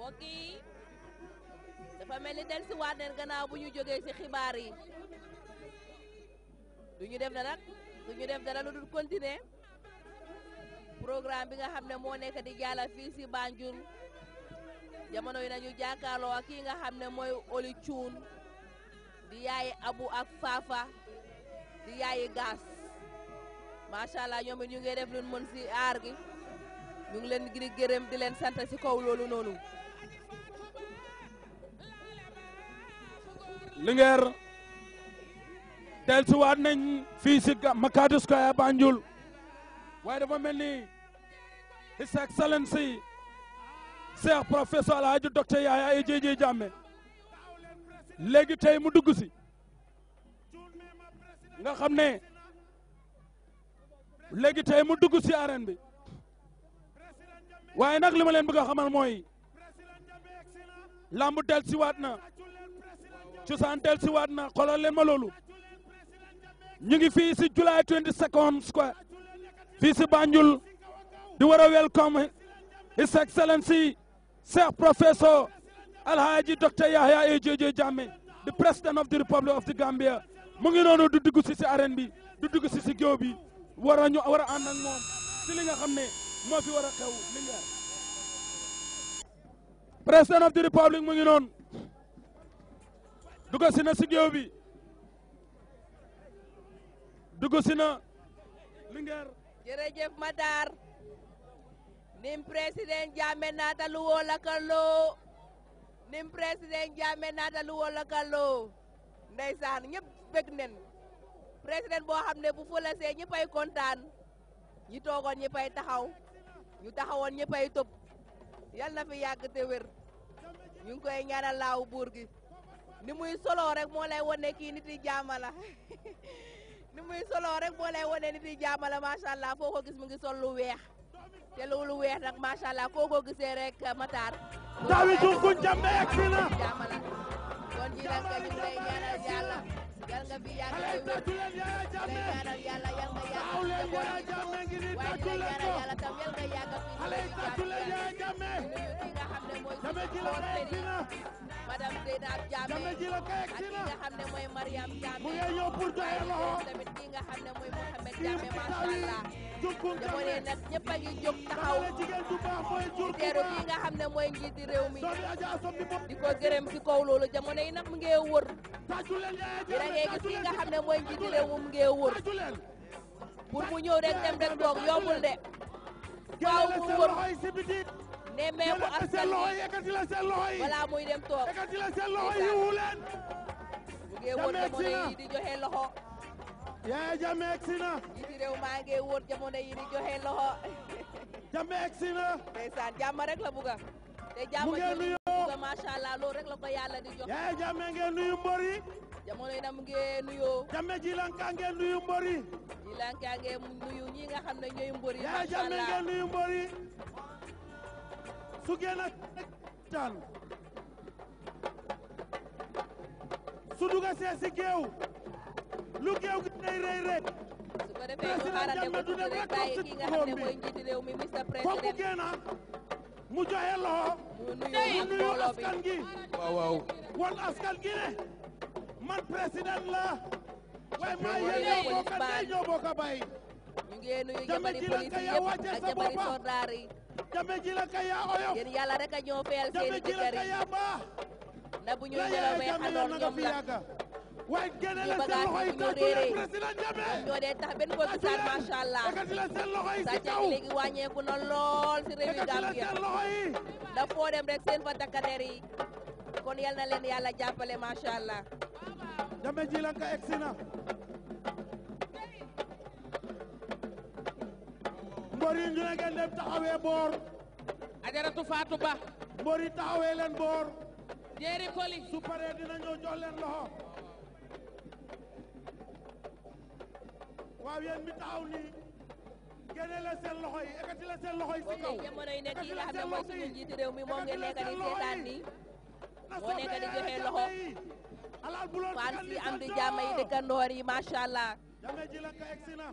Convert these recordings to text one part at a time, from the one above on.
mbokk yi dafa mel ni del si waat gannaaw bu ñu jógee si xibaar yi du ñu def dara du ñu def dara lu dul continuer programme bi nga xam ne moo nekk di jàll fii si Banjul jamono yi nañu jàkkaarloo ak kii nga xam ne mooy Oli Cuun di yaay Abu ak Fafa di yaayi Gaas macha allah ñoom it ñu ngi def lu mën si aar gi ñu ngi leen di gërëm di leen sant si kaw loolu noonu. Linguère dellusiwaat nañ fii si Makadis Square Banjul waaye dafa mel ni His Excellency Cheikh Professeur Alhaji Docteur Yaya ay J.J. Jammeh léegi tey mu dugg si nga xam ne léegi tey mu dugg si arène bi waaye nag li ma leen bëgg xamal mooy lamb del siwaat na cosaan del siwaat na xoolal leen ma ñu ngi fii si July 22nd square Banjul di war a welcome his si Cheikh Professor Alhaji Dr. Yahya AJJ Jammeh the president of the Republic of the Gambia mu ngi noonu du dugg si si arène bi du dugg si si géew bi war ñu war a ànd si li nga xam ne moo fi war a xew President of the Republic mu ngi noonu dugg si na si géew bi dugg si na Linguère jërëjëf Matar nim président Jammeh naata lu woo la kalloo nim président naata lu woo la kalloo ndeysaan ñëpp bëgg nen boo xam ne bu fëlasee ñëppay kontaan ñi toogoon ñëppay taxaw ñu taxawoon ñëppay tëb yal na fi yàgg te wér ñu ngi koy ñaanal laaw buur ni muy solo rek moo lay wane kii nit yi jaama la ni muy solo rek moo lay wane nit yi jaama la macha allah ko gis mu ngi sol lu weex te loolu weex nag macha allah foo ko gisee rek uh, Matar. daaw yi tuut kuñ jàmbee ak fii la kon ji nag yal nga fi yàgg xale yi tàccu leen Yaya Jammeh ñaanal yàlla yal nga yàgg waaw leen Yaya Jammeh ngi nii tàccu leen ko yàlla tam yal nga yàgg xale yi tàccu leen Yaya Jammeh ki nga xam ne mooy Jammeh ji la kay dina madame Zeynab Jammeh Jammeh ji la kay dina nga xam ne mooy Mariam Jammeh mu ngi ñëw pour joxe loxo tamit ki nga xam ne mooy Mohamed Jammeh macha allah dama ne nag ñëpp a jóg taxaw di teeru kii nga ne mooy njiiti réew mi di ko gërëm ci kaw loolu yi nag mu ngee wër di da ngay gis kii ne mooy njiiti réew mu ngee wër pour mu ñëw rek dem rek toog yombul de faaw mu wër nemmeeku askan wi balaa muy dem toog mu ngee wër jamono yi di joxe loxo yaay Jammeh egsi na. maa ngi wóor jamono yi di joxe loxo. Jammeh egsi na. ndeysaan jàmm rek la buga. te jàmm ngeen nuyu buga macha allah loolu rek la ko yàlla di jox. yaay Jammeh ngeen nuyu mbor yi. jamono mu ngi nuyoo. Jammeh jilanka ngeen nuyu mbor yi. nuyu ñi nga xam ne ñooy mbor yi. macha su génn tan su duga see si géew lu géew day rey rek. su ko defee nga xam ne mooy njiiti réew mi Mr President mu joxe loxo. mu nuyu askan gi. waaw waaw. won askan gi man président la. waaye maa yéen ñoo bokk a ñoo bokk a bàyyi. ñu nuyu jabari police yaa oyof. yéen yàlla rek a ñoo feyal seeni jëkkër yi. jame la ka yaa baax. na bu ñu waaye génne la seen dem rek seen kon yal na leen yàlla jàppale macha allah Jammeh jilanka egsi na mbor yi ñu ne ngeen dem boor ajaratu Fatou Ba mbor yi taxawee leen boor jeeri koli su dina ñëw jox leen loxo waaw yéen mi taxaw nii génne leen seen loxo yi ekkati leen seen loxo yi si kaw jamono yi nekk yi nga xam ne mooy suñu njiitu réew mi moo ngeen nekk di seetaan nii moo nekk di joxe loxo fan si am di jàmm yi dëkkandoor yi macha allah danga jila ka egsi na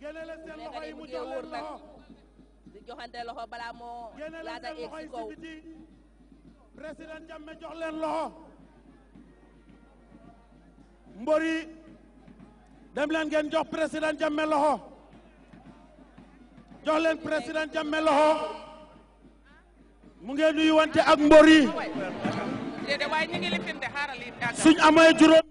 génne leen seen loxo yi mu jox leen loxo di joxante loxo balaa moo laata egg si kaw président Jammeh jox leen loxo mbori dem leen ngeen jox président Jammeh loxo jox leen président Jammeh loxo mu ngeen nuyu wante ak mbor yi suñ amee juróom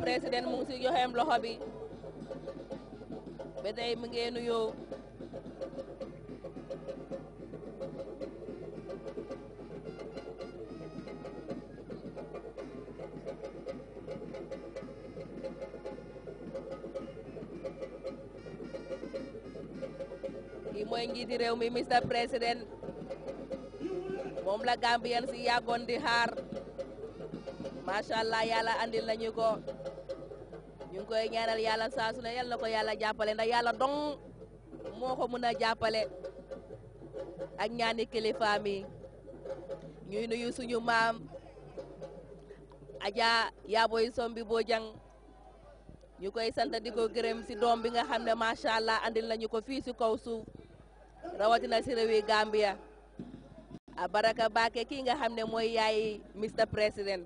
président mu ngi joxe am loxo bi ba tey mu ngi nuyoo kii mooy njiiti rew mi Mr President mom la gambian si yagon di har Masha allah yàlla andil nañu ko. ñu ngi koy ñaaral yàlla saa na ne ko yàlla jàppale ndax yàlla dong moo ko mën a jàppale ak ñaani kilifaam yi ñuy nuyu suñu maam Adja Yaaboy Sombi Bojang ñu koy sant di ko gërëm si doom bi nga xam ne macha allah andil nañu ko fii si kaw su rawatina si réewi Gambia a baraka baake kii nga xam ne mooy yay Mr President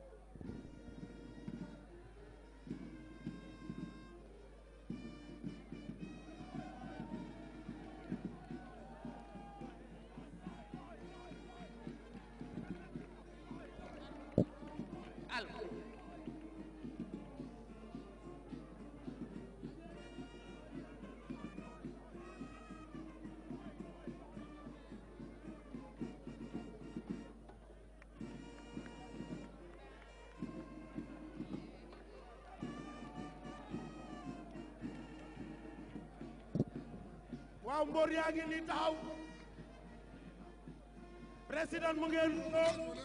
waaw mbor yaa ngi ni taxaw président mu ngeen toog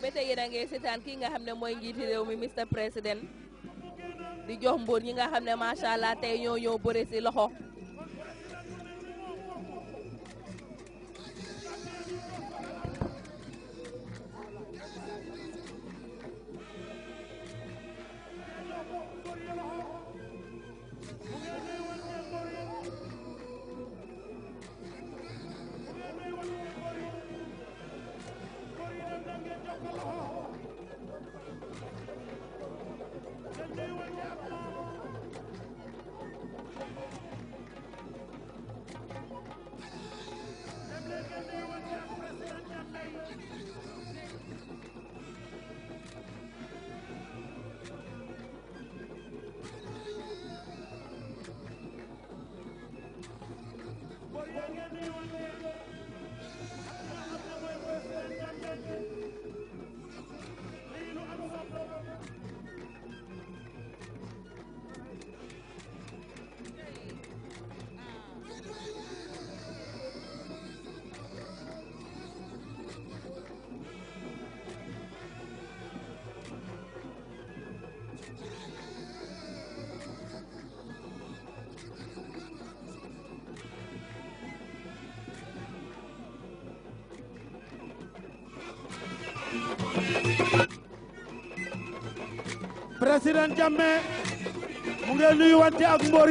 ba tey yéen a ngi seetaan nga xam ne mooy njiiti mi Mr President di jox mbóor ñi nga xam ne macha allah tey ñoo ñëw bëre si loxo président Jammeh mu ngi nuyu wante ak mbor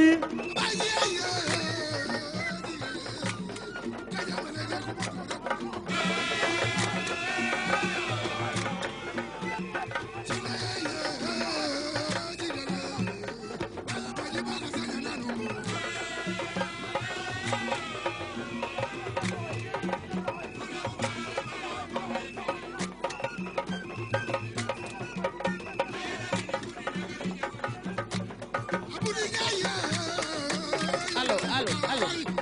malos.